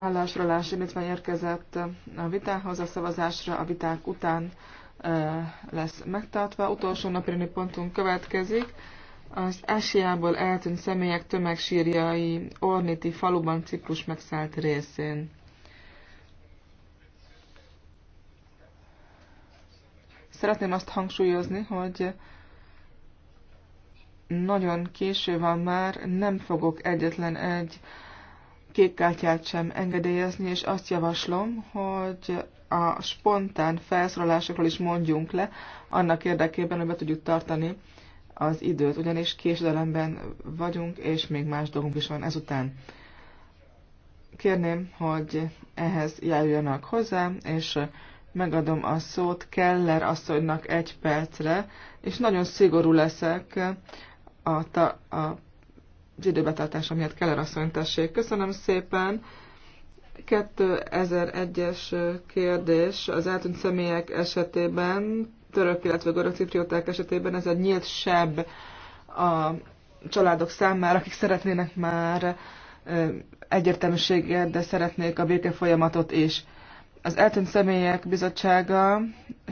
állásrólás indítvány érkezett a vitához, a szavazásra a viták után lesz megtartva. Utolsó napirendi pontunk következik. Az Ásiából eltűnt személyek tömegsírjai Orniti faluban Ciprus megszállt részén. Szeretném azt hangsúlyozni, hogy nagyon késő van már, nem fogok egyetlen egy kék kártyát sem engedélyezni, és azt javaslom, hogy a spontán felszólalásokról is mondjunk le, annak érdekében, hogy be tudjuk tartani az időt, ugyanis késedelemben vagyunk, és még más dolgunk is van ezután. Kérném, hogy ehhez járjanak hozzá, és megadom a szót Keller asszonynak egy percre, és nagyon szigorú leszek a, ta, a az időbetartása miatt Keller asszony tessék. Köszönöm szépen. 2001-es kérdés az eltűnt személyek esetében, török, illetve görög ciprióták esetében ez egy nyílt seb a családok számára, akik szeretnének már egyértelműséget, de szeretnék a béke folyamatot is. Az eltűnt személyek bizottsága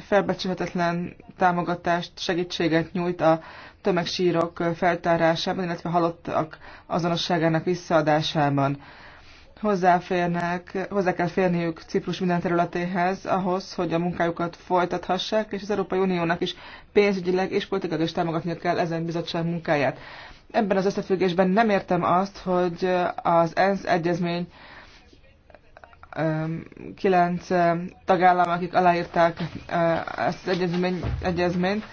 felbecsülhetetlen támogatást, segítséget nyújt a tömegsírok feltárásában, illetve halottak azonosságának visszaadásában. Hozzáférnek, hozzá kell férniük Ciprus minden területéhez ahhoz, hogy a munkájukat folytathassák, és az Európai Uniónak is pénzügyileg és politikailag is támogatnia kell ezen bizottság munkáját. Ebben az összefüggésben nem értem azt, hogy az ENSZ egyezmény kilenc tagállam, akik aláírták ezt az egyezmény, egyezményt,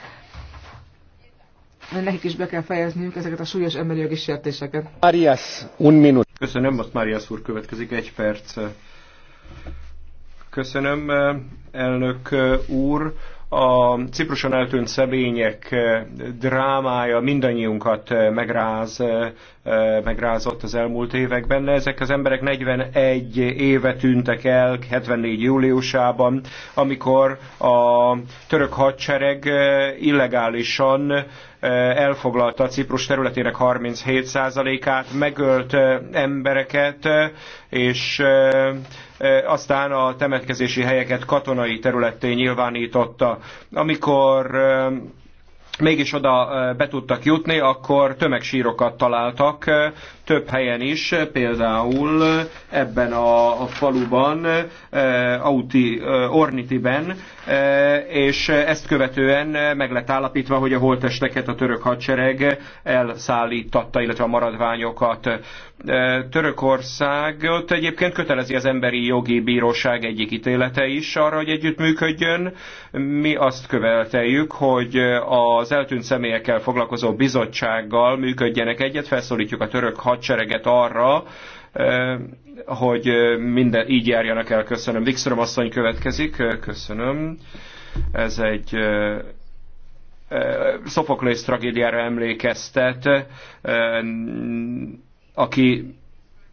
nekik is be kell fejezniük ezeket a súlyos emberi jogi sértéseket. Marias, un minut. Köszönöm, most Marias úr következik egy perc. Köszönöm, elnök úr. A Cipruson eltűnt szebények drámája mindannyiunkat megráz, megrázott az elmúlt években. Ezek az emberek 41 éve tűntek el 74 júliusában, amikor a török hadsereg illegálisan elfoglalta Ciprus területének 37%-át, megölt embereket, és aztán a temetkezési helyeket katonai területté nyilvánította. Amikor mégis oda be tudtak jutni, akkor tömegsírokat találtak több helyen is, például ebben a, a faluban, Auti, Ornitiben, és ezt követően meg lett állapítva, hogy a holtesteket a török hadsereg elszállítatta, illetve a maradványokat. törökország. ott egyébként kötelezi az Emberi Jogi Bíróság egyik ítélete is arra, hogy együttműködjön. Mi azt követeljük, hogy a az eltűnt személyekkel foglalkozó bizottsággal működjenek egyet, felszólítjuk a török hadsereget arra, hogy minden így járjanak el. Köszönöm. Wikström asszony következik. Köszönöm. Ez egy Szofoklész tragédiára emlékeztet, aki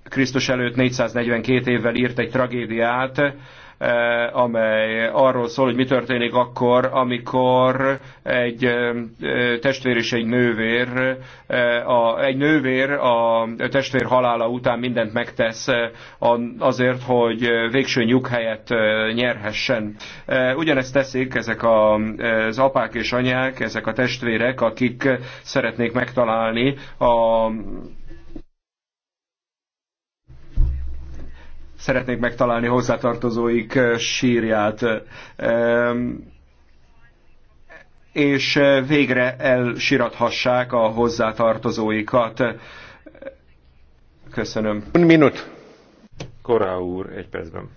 Krisztus előtt 442 évvel írt egy tragédiát, Eh, amely arról szól, hogy mi történik akkor, amikor egy eh, testvér és egy nővér, eh, egy nővér a testvér halála után mindent megtesz azért, hogy végső nyug helyet nyerhessen. Ugyanezt teszik ezek az apák és anyák, ezek a testvérek, akik szeretnék megtalálni a szeretnék megtalálni hozzátartozóik sírját. És végre elsirathassák a hozzátartozóikat. Köszönöm. Un minut. Korá úr, egy percben.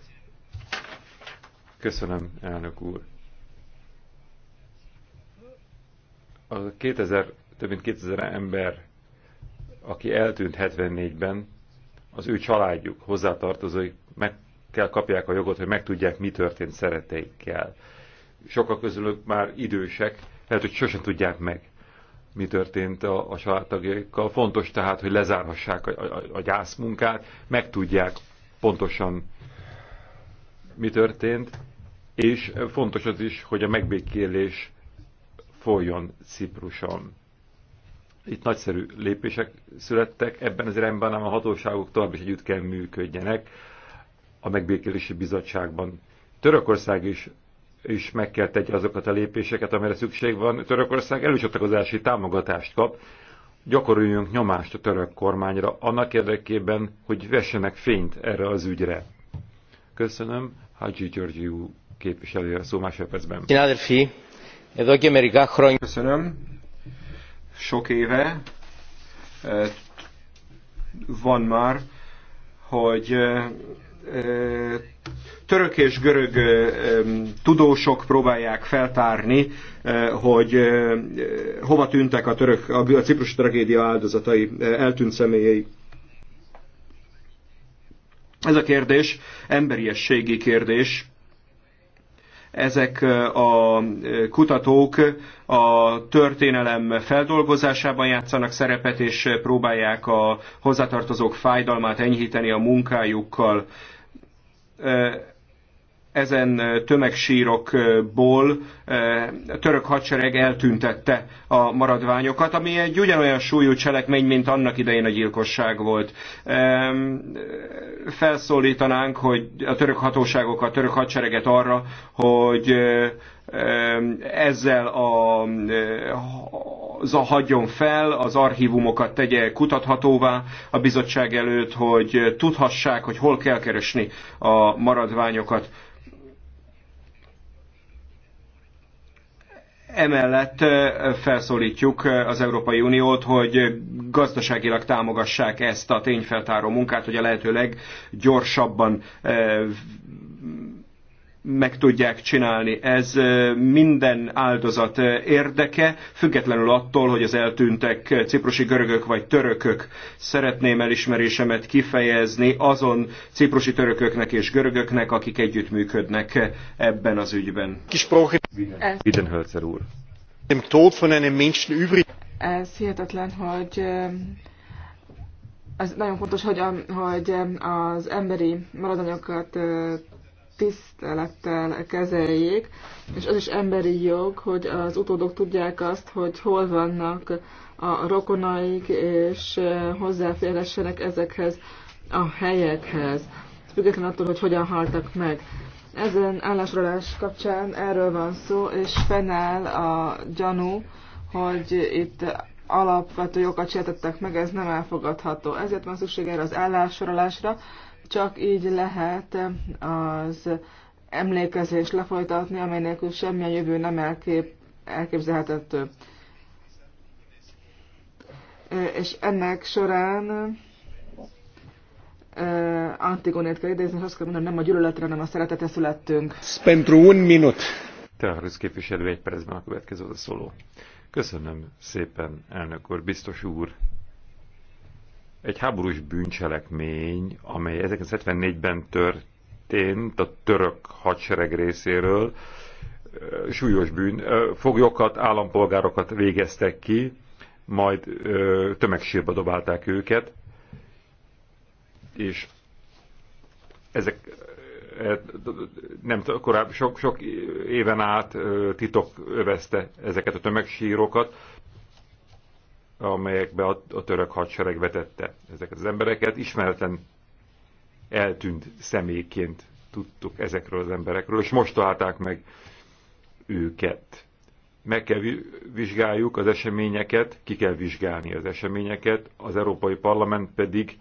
Köszönöm, elnök úr. A 2000, több mint 2000 ember, aki eltűnt 74-ben, az ő családjuk, hozzátartozói meg kell kapják a jogot, hogy megtudják, mi történt szeretteikkel. Sokak közülük már idősek, lehet, hogy sosem tudják meg, mi történt a, a családtagjaikkal. Fontos tehát, hogy lezárhassák a, a, a gyászmunkát, megtudják pontosan, mi történt, és fontos az is, hogy a megbékélés folyjon Cipruson itt nagyszerű lépések születtek, ebben az irányban ám a hatóságok tovább is együtt kell működjenek a megbékélési bizottságban. Törökország is is meg kell tegye azokat a lépéseket, amire szükség van. Törökország előcsatlakozási támogatást kap, gyakoroljunk nyomást a török kormányra, annak érdekében, hogy vessenek fényt erre az ügyre. Köszönöm, Hadzsi Györgyi képviselő a szó másodpercben. Köszönöm sok éve van már, hogy török és görög tudósok próbálják feltárni, hogy hova tűntek a, török, a ciprusi tragédia áldozatai, eltűnt személyei. Ez a kérdés emberiességi kérdés, ezek a kutatók a történelem feldolgozásában játszanak szerepet, és próbálják a hozzátartozók fájdalmát enyhíteni a munkájukkal ezen tömegsírokból a török hadsereg eltüntette a maradványokat, ami egy ugyanolyan súlyú cselekmény, mint annak idején a gyilkosság volt. Felszólítanánk, hogy a török hatóságokat, a török hadsereget arra, hogy ezzel a, a hagyjon fel, az archívumokat tegye kutathatóvá a bizottság előtt, hogy tudhassák, hogy hol kell keresni a maradványokat. Emellett felszólítjuk az Európai Uniót, hogy gazdaságilag támogassák ezt a tényfeltáró munkát, hogy a lehető leggyorsabban meg tudják csinálni. Ez minden áldozat érdeke, függetlenül attól, hogy az eltűntek ciprusi görögök vagy törökök. Szeretném elismerésemet kifejezni azon ciprusi törököknek és görögöknek, akik együttműködnek ebben az ügyben. Bidenhölzer úr. Ez hihetetlen, hogy ez nagyon fontos, hogy, a, hogy az emberi maradanyokat tisztelettel kezeljék, és az is emberi jog, hogy az utódok tudják azt, hogy hol vannak a rokonaik, és hozzáférhessenek ezekhez a helyekhez, függetlenül attól, hogy hogyan haltak meg. Ezen állásrólás kapcsán erről van szó, és fennáll a gyanú, hogy itt alapvető jogokat sértettek meg, ez nem elfogadható. Ezért van szükség erre az állássorolásra, csak így lehet az emlékezést lefolytatni, amely nélkül semmilyen jövő nem elkép, elképzelhetető. És ennek során Antigonét kell idézni, és azt kell mondani, nem a gyűlöletre, hanem a szeretetre születtünk. Pentru un minut. Terhárusz képviselő egy percben a következő a szóló. Köszönöm szépen, elnök úr, biztos úr, egy háborús bűncselekmény, amely 1974-ben történt a török hadsereg részéről, súlyos bűn, foglyokat, állampolgárokat végeztek ki, majd tömegsírba dobálták őket, és ezek nem korábban sok, sok éven át titok övezte ezeket a tömegsírokat, amelyekbe a török hadsereg vetette ezeket az embereket. Ismeretlen eltűnt személyként tudtuk ezekről az emberekről, és most találták meg őket. Meg kell vizsgáljuk az eseményeket, ki kell vizsgálni az eseményeket, az Európai Parlament pedig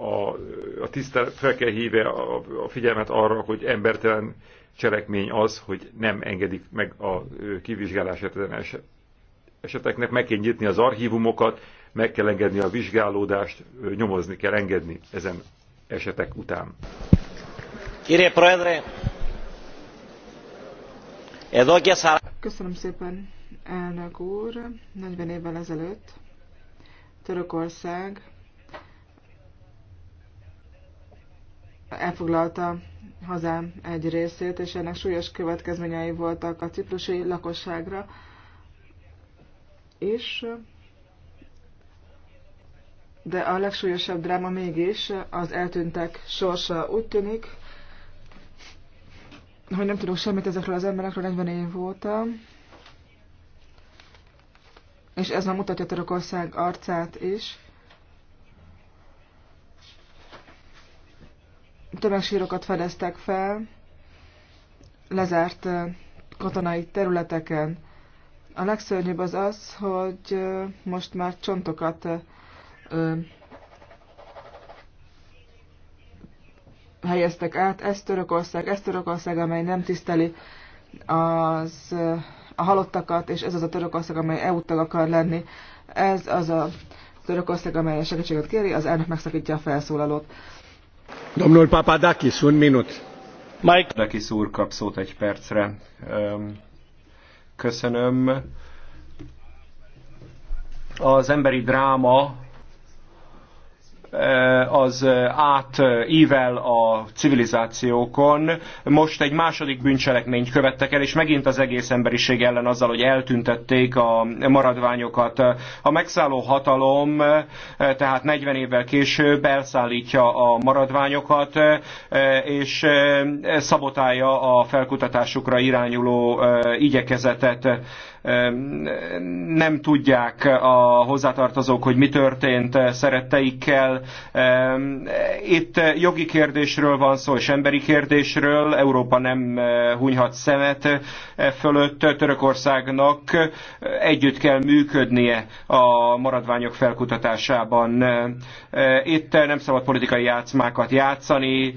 a, a tisztel, fel kell híve a, a figyelmet arra, hogy embertelen cselekmény az, hogy nem engedik meg a kivizsgálását ezen eseteknek meg kell nyitni az archívumokat, meg kell engedni a vizsgálódást, nyomozni kell engedni ezen esetek után. Köszönöm szépen, elnök úr. 40 évvel ezelőtt Törökország elfoglalta hazám egy részét, és ennek súlyos következményei voltak a ciprusi lakosságra, és, de a legsúlyosabb dráma mégis az eltűntek sorsa. Úgy tűnik, hogy nem tudok semmit ezekről az emberekről 40 év óta, és ez már mutatja Törökország arcát is. Tömegsírokat fedeztek fel, lezárt katonai területeken, a legszörnyűbb az az, hogy most már csontokat helyeztek át. Ez Törökország, ez Törökország, amely nem tiszteli az, a halottakat, és ez az a Törökország, amely EU tag akar lenni. Ez az a Törökország, amely a segítséget kéri, az elnök megszakítja a felszólalót. Domnul Papadakis, un minut. Mike. Dakis úr kap szót egy percre. Um Köszönöm. Az emberi dráma Eh, az eh, átível a civilizációkon. Most egy második bűncselekményt követtek el, és megint az egész emberiség ellen azzal, hogy eltüntették a maradványokat. A megszálló hatalom eh, tehát 40 évvel később elszállítja a maradványokat, és szabotálja a felkutatásukra irányuló igyekezetet nem tudják a hozzátartozók, hogy mi történt eh, szeretteikkel. Itt jogi kérdésről van szó, és emberi kérdésről. Európa nem eh, hunyhat szemet eh, fölött. Törökországnak együtt kell működnie a maradványok felkutatásában. Itt nem szabad politikai játszmákat játszani.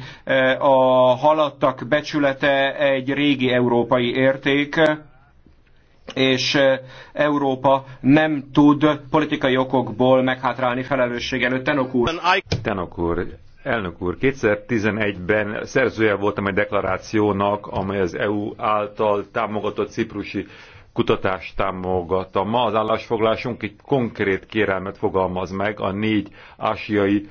A haladtak becsülete egy régi európai érték és Európa nem tud politikai okokból meghátrálni felelősség előtt. Tenok úr. Tenok úr, elnök úr, 2011-ben szerzője voltam egy deklarációnak, amely az EU által támogatott ciprusi kutatást támogatta. Ma az állásfoglásunk egy konkrét kérelmet fogalmaz meg a négy ásiai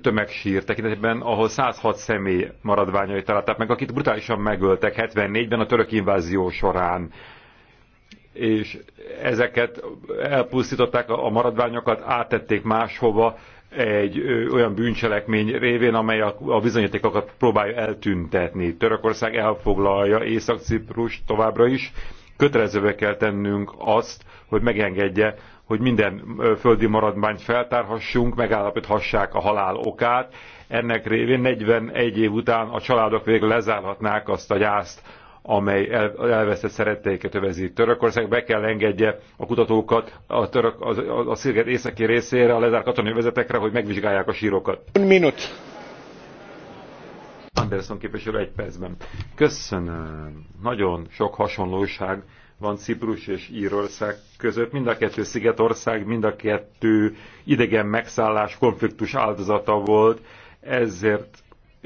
tömegsír tekintetben, ahol 106 személy maradványait találták meg, akit brutálisan megöltek 74-ben a török invázió során. És ezeket elpusztították a maradványokat, átették máshova egy olyan bűncselekmény révén, amely a bizonyítékokat próbálja eltüntetni. Törökország elfoglalja Észak-Ciprus továbbra is, kötelezővé kell tennünk azt, hogy megengedje hogy minden földi maradványt feltárhassunk, megállapíthassák a halál okát. Ennek révén 41 év után a családok végül lezárhatnák azt a gyászt, amely elvesztett szeretteiket övezi. Törökország be kell engedje a kutatókat a, török, a, a, a szilget északi részére, a lezárt katonai vezetekre, hogy megvizsgálják a sírokat. Minut. Anderson képviselő egy percben. Köszönöm. Nagyon sok hasonlóság van Ciprus és Írország között. Mind a kettő szigetország, mind a kettő idegen megszállás konfliktus áldozata volt, ezért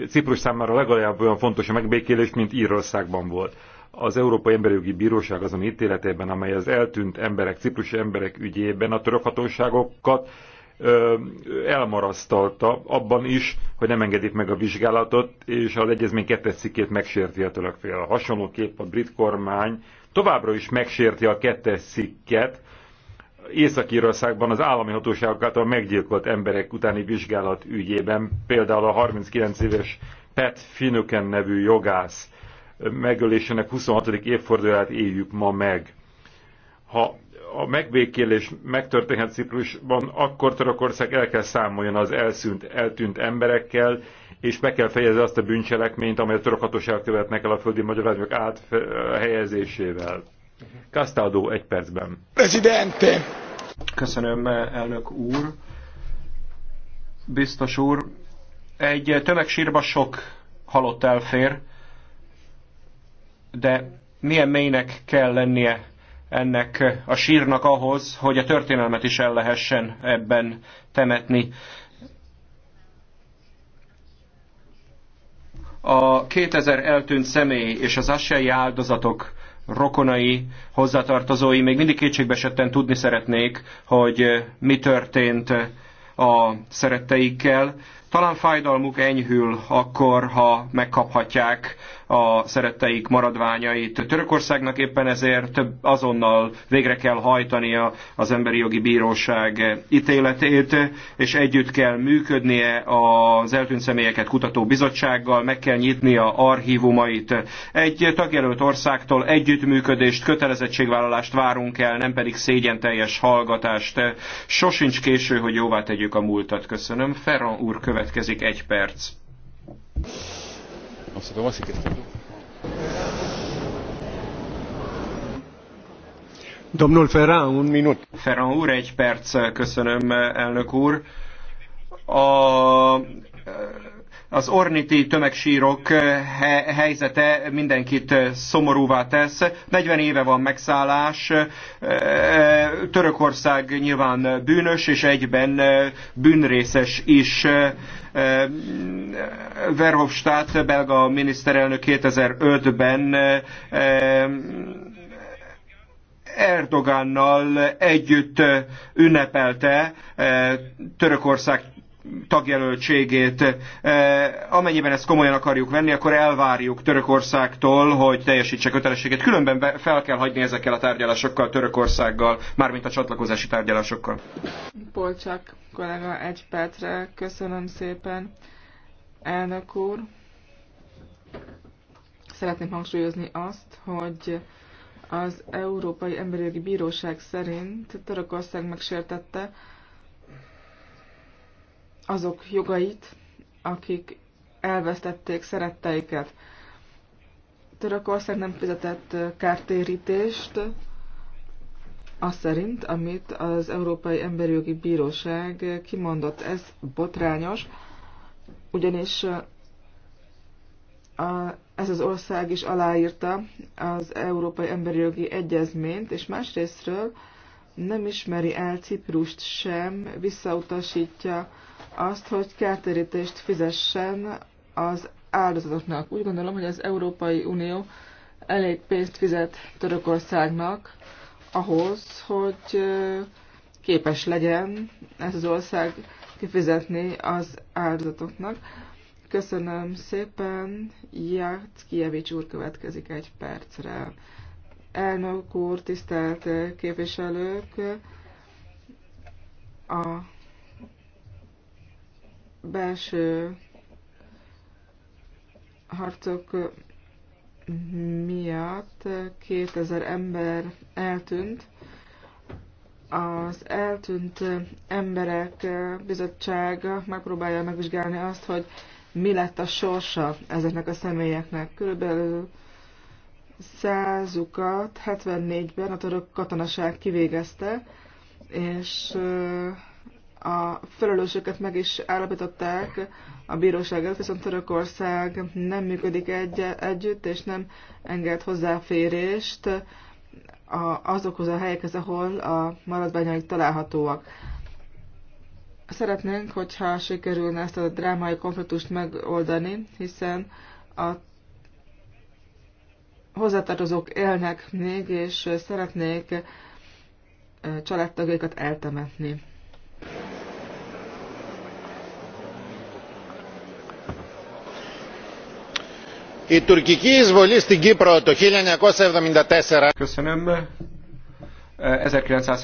Ciprus számára legalább olyan fontos a megbékélés, mint Írországban volt. Az Európai Emberi Jogi Bíróság azon ítéletében, amely az eltűnt emberek, ciprusi emberek ügyében a török hatóságokat elmarasztalta abban is, hogy nem engedik meg a vizsgálatot, és az egyezmény kettes cikkét megsérti a török fél. Hasonlóképp a brit kormány továbbra is megsérti a kettes szikket, Észak-Írországban az állami hatóságok által meggyilkolt emberek utáni vizsgálat ügyében, például a 39 éves Pat Finuken nevű jogász megölésének 26. évfordulát éljük ma meg. Ha a megbékélés megtörténhet Ciprusban, akkor Törökország el kell számoljon az elszűnt, eltűnt emberekkel, és meg kell fejezni azt a bűncselekményt, amelyet a török hatóság követnek el a földi magyarázatok áthelyezésével. Kasztádó egy percben. Presidente! Köszönöm, elnök úr. Biztos úr, egy tömegsírba sok halott elfér, de milyen mélynek kell lennie ennek a sírnak ahhoz, hogy a történelmet is el lehessen ebben temetni. a 2000 eltűnt személy és az assai áldozatok rokonai, hozzátartozói még mindig kétségbesetten tudni szeretnék, hogy eh, mi történt eh, a szeretteikkel. Talán fájdalmuk enyhül akkor, ha megkaphatják a szeretteik maradványait. Törökországnak éppen ezért több azonnal végre kell hajtania az Emberi Jogi Bíróság ítéletét, és együtt kell működnie az eltűnt személyeket kutató bizottsággal, meg kell nyitnia archívumait. Egy tagjelölt országtól együttműködést, kötelezettségvállalást várunk el, nem pedig szégyenteljes hallgatást. Sosincs késő, hogy jóvá tegyük a múltat. Köszönöm. Ferran úr következik egy perc on se vraiment ces questions. Domnul Ferran, un minut. Ferran úr, egy perc, köszönöm, elnök úr. A az orniti tömegsírok eh, helyzete mindenkit eh, szomorúvá tesz. 40 éve van megszállás, eh, Törökország nyilván bűnös, és egyben bűnrészes is. Verhofstadt, belga miniszterelnök 2005-ben Erdogannal együtt ünnepelte Törökország tagjelöltségét, e, amennyiben ezt komolyan akarjuk venni, akkor elvárjuk Törökországtól, hogy teljesítse kötelességét. Különben fel kell hagyni ezekkel a tárgyalásokkal, Törökországgal, mármint a csatlakozási tárgyalásokkal. Polcsák kollega, egy percre köszönöm szépen. Elnök úr, szeretném hangsúlyozni azt, hogy az Európai Emberi Jogi Bíróság szerint Törökország megsértette azok jogait, akik elvesztették szeretteiket. Törökország nem fizetett kártérítést, az szerint, amit az Európai Emberi Jogi Bíróság kimondott. Ez botrányos, ugyanis a, ez az ország is aláírta az Európai Emberi Jogi Egyezményt, és másrésztről nem ismeri el Ciprust sem, visszautasítja azt, hogy kártérítést fizessen az áldozatoknak. Úgy gondolom, hogy az Európai Unió elég pénzt fizet Törökországnak ahhoz, hogy képes legyen ez az ország kifizetni az áldozatoknak. Köszönöm szépen, Jackiewicz úr következik egy percre elnök úr, tisztelt képviselők, a belső harcok miatt 2000 ember eltűnt. Az eltűnt emberek bizottsága megpróbálja megvizsgálni azt, hogy mi lett a sorsa ezeknek a személyeknek. Körülbelül százukat 74-ben a török katonaság kivégezte, és a felelősöket meg is állapították a bíróság előtt, viszont Törökország nem működik egy együtt, és nem enged hozzáférést a, azokhoz a helyekhez, ahol a maradványaik találhatóak. Szeretnénk, hogyha sikerülne ezt a drámai konfliktust megoldani, hiszen a hozzátartozók élnek még, és szeretnék családtagjaikat eltemetni. Η τουρκική εισβολή στην Κύπρο το 1974 1974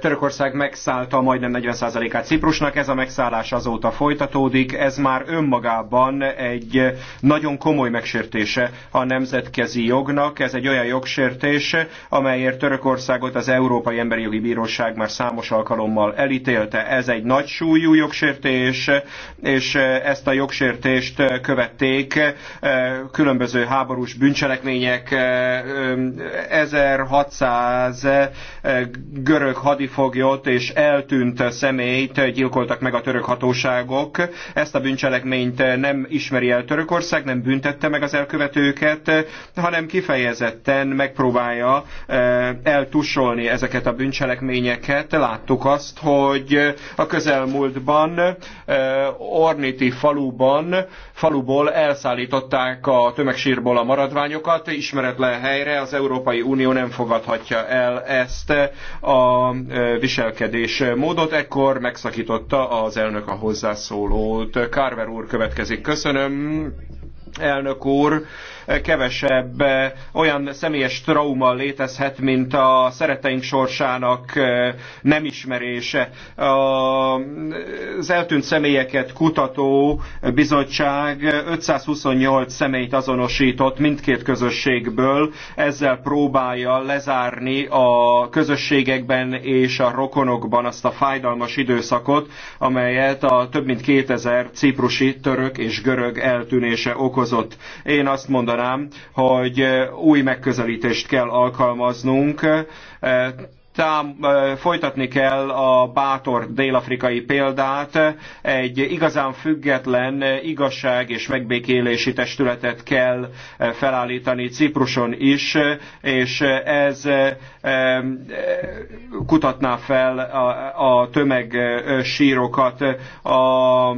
Törökország megszállta majdnem 40%-át Ciprusnak, ez a megszállás azóta folytatódik, ez már önmagában egy nagyon komoly megsértése a nemzetközi jognak, ez egy olyan jogsértés, amelyért Törökországot az Európai Emberi Jogi Bíróság már számos alkalommal elítélte. Ez egy nagy súlyú jogsértés, és ezt a jogsértést követték eh, különböző háborús bűncselekmények, 1600 eh, eh, görög hadifoglyot és eltűnt személyt gyilkoltak meg a török hatóságok. Ezt a bűncselekményt nem ismeri el Törökország, nem büntette meg az elkövetőket, hanem kifejezetten megpróbálja eh, eltusolni ezeket a bűncselekményeket. Láttuk azt, hogy a közelmúltban eh, Orniti faluban, faluból elszállították a tömegsírból a maradványokat, ismeretlen helyre az Európai Unió nem fogadhatja el ezt a viselkedés módot, ekkor megszakította az elnök a hozzászólót. Carver úr következik. Köszönöm, elnök úr kevesebb eh, olyan személyes trauma létezhet, mint a szereteink sorsának eh, nem ismerése. Az eltűnt személyeket kutató bizottság 528 személyt azonosított mindkét közösségből, ezzel próbálja lezárni a közösségekben és a rokonokban azt a fájdalmas időszakot, amelyet a több mint 2000 ciprusi, török és görög eltűnése okozott. Én azt mondanám, mondanám, hogy eh, új megközelítést kell alkalmaznunk, eh, tám, eh, folytatni kell a bátor dél-afrikai példát, egy igazán független igazság és megbékélési testületet kell felállítani Cipruson is, és ez kutatná fel a, a tömegsírokat. A,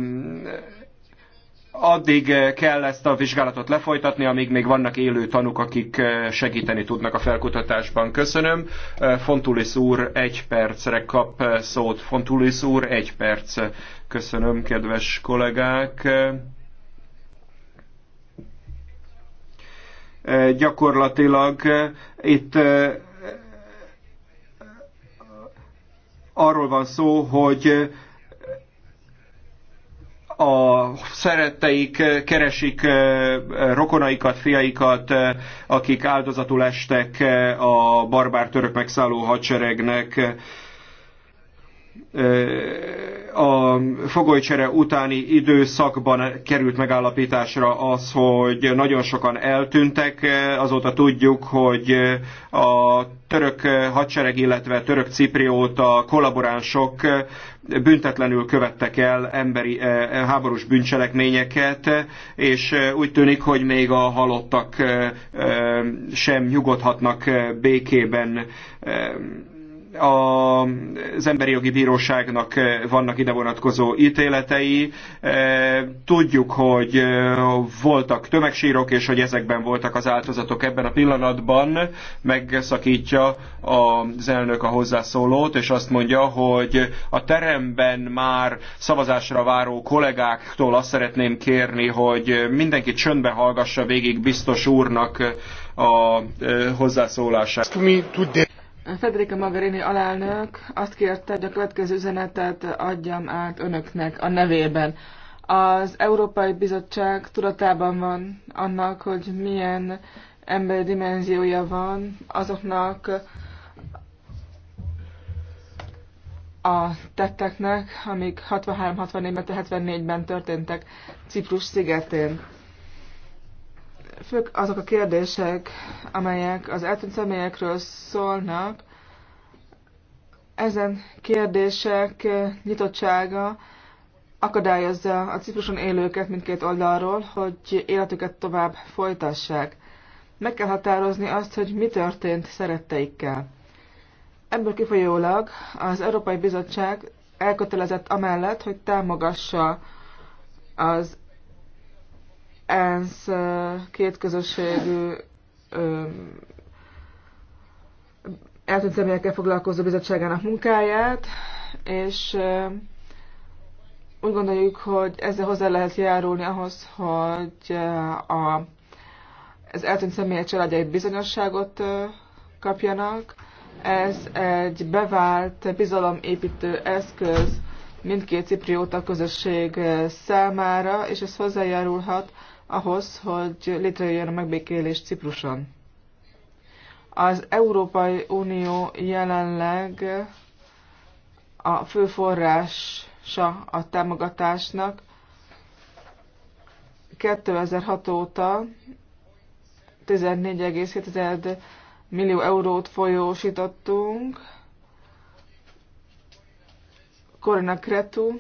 addig eh, kell ezt a vizsgálatot lefolytatni, amíg még vannak élő tanúk, akik eh, segíteni tudnak a felkutatásban. Köszönöm. Eh, Fontulis úr egy percre kap szót. Fontulis úr egy perc. Köszönöm, kedves kollégák. Gyakorlatilag itt arról van szó, hogy a szeretteik keresik rokonaikat, fiaikat, akik áldozatul estek a barbár török megszálló hadseregnek. A fogolycsere utáni időszakban került megállapításra az, hogy nagyon sokan eltűntek. Azóta tudjuk, hogy a török hadsereg, illetve török ciprióta kollaboránsok büntetlenül követtek el emberi eh, eh, háborús bűncselekményeket, és eh, úgy tűnik, hogy még a halottak sem nyugodhatnak békében az Emberi Jogi Bíróságnak eh, vannak ide vonatkozó ítéletei. Eh, tudjuk, hogy eh, voltak tömegsírok, és hogy ezekben voltak az áltozatok ebben a pillanatban. Megszakítja az elnök a hozzászólót, és azt mondja, hogy a teremben már szavazásra váró kollégáktól azt szeretném kérni, hogy mindenki csöndbe hallgassa végig biztos úrnak a hozzászólását. Federica Magarini alelnök azt kérte, hogy a következő üzenetet adjam át önöknek a nevében. Az Európai Bizottság tudatában van annak, hogy milyen emberi dimenziója van azoknak a tetteknek, amik 63-64-ben, 74-ben történtek Ciprus szigetén fők azok a kérdések, amelyek az eltűnt személyekről szólnak, ezen kérdések nyitottsága akadályozza a Cipruson élőket mindkét oldalról, hogy életüket tovább folytassák. Meg kell határozni azt, hogy mi történt szeretteikkel. Ebből kifolyólag az Európai Bizottság elkötelezett amellett, hogy támogassa az ENSZ két közösségű eltűnt személyekkel foglalkozó bizottságának munkáját, és úgy gondoljuk, hogy ezzel hozzá lehet járulni ahhoz, hogy a, az eltűnt személyek családjai bizonyosságot kapjanak. Ez egy bevált bizalomépítő eszköz mindkét ciprióta közösség eh, számára, és ez hozzájárulhat ahhoz, hogy létrejöjjön a megbékélés Cipruson. Az Európai Unió jelenleg a fő forrása a támogatásnak. 2006 óta 14,7 millió eurót folyósítottunk, Korona Kretu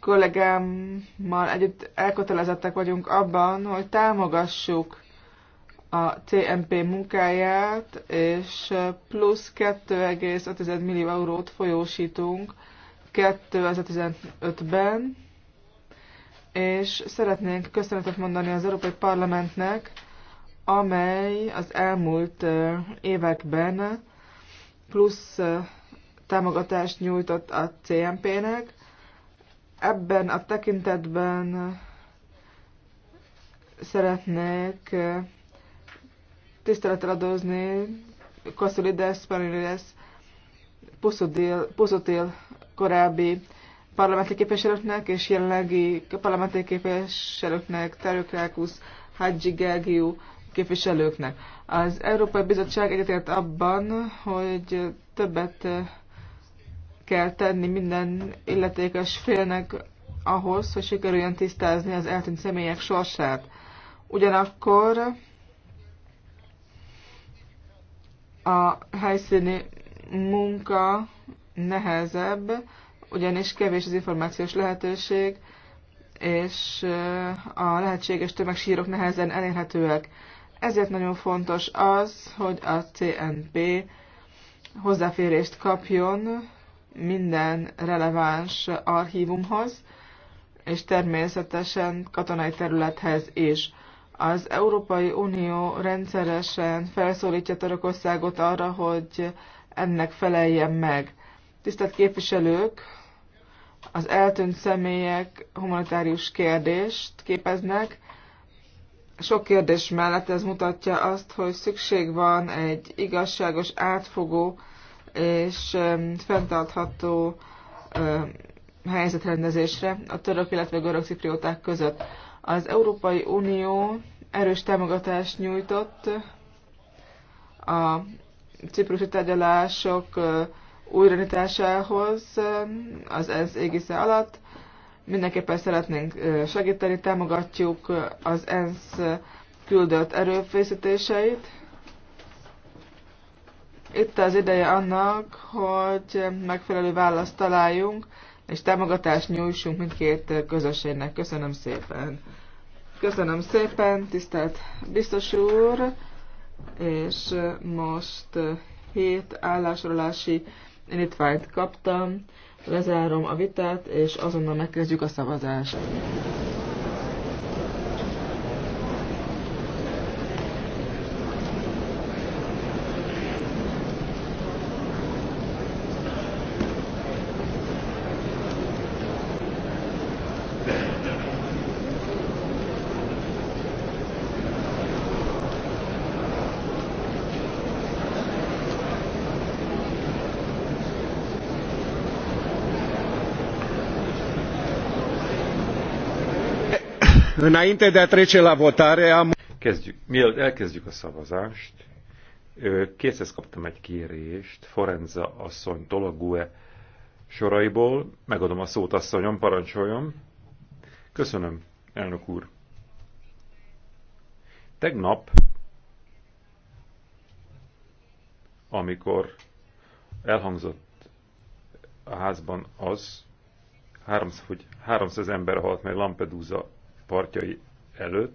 kollégámmal együtt elkötelezettek vagyunk abban, hogy támogassuk a TMP munkáját, és plusz 2,5 millió eurót folyósítunk 2015-ben, és szeretnénk köszönetet mondani az Európai Parlamentnek, amely az elmúlt években plusz támogatást nyújtott a CMP-nek. Ebben a tekintetben szeretnék eh, tisztelettel adózni Kasszulides, Panilides, Puszotil korábbi parlamenti képviselőknek és jelenlegi parlamenti képviselőknek, Terőkrákusz, Hadzsi Gergiu képviselőknek. Az Európai Bizottság egyetért abban, hogy többet eh, kell tenni minden illetékes félnek ahhoz, hogy sikerüljön tisztázni az eltűnt személyek sorsát. Ugyanakkor a helyszíni munka nehezebb, ugyanis kevés az információs lehetőség, és a lehetséges tömegsírok nehezen elérhetőek. Ezért nagyon fontos az, hogy a CNP hozzáférést kapjon minden releváns archívumhoz, és természetesen katonai területhez is. Az Európai Unió rendszeresen felszólítja Törökországot arra, hogy ennek feleljen meg. Tisztelt képviselők, az eltűnt személyek humanitárius kérdést képeznek. Sok kérdés mellett ez mutatja azt, hogy szükség van egy igazságos, átfogó és fenntartható helyzetrendezésre a török, illetve görög ciprióták között. Az Európai Unió erős támogatást nyújtott a ciprusi tárgyalások újranításához az ENSZ égisze alatt. Mindenképpen szeretnénk segíteni, támogatjuk az ENSZ küldött erőfészítéseit, itt az ideje annak, hogy megfelelő választ találjunk, és támogatást nyújtsunk mindkét közösségnek. Köszönöm szépen! Köszönöm szépen, tisztelt biztos úr, és most hét állásrólási indítványt kaptam. Lezárom a vitát, és azonnal megkezdjük a szavazást. Înainte de a trece la votare am... Kezdjük. Mielőtt elkezdjük a szavazást, készhez kaptam egy kérést Forenza asszony Tolague soraiból. Megadom a szót asszonyom, parancsoljon. Köszönöm, elnök úr. Tegnap, amikor elhangzott a házban az, 300, hogy 300 ember halt meg Lampedusa partjai előtt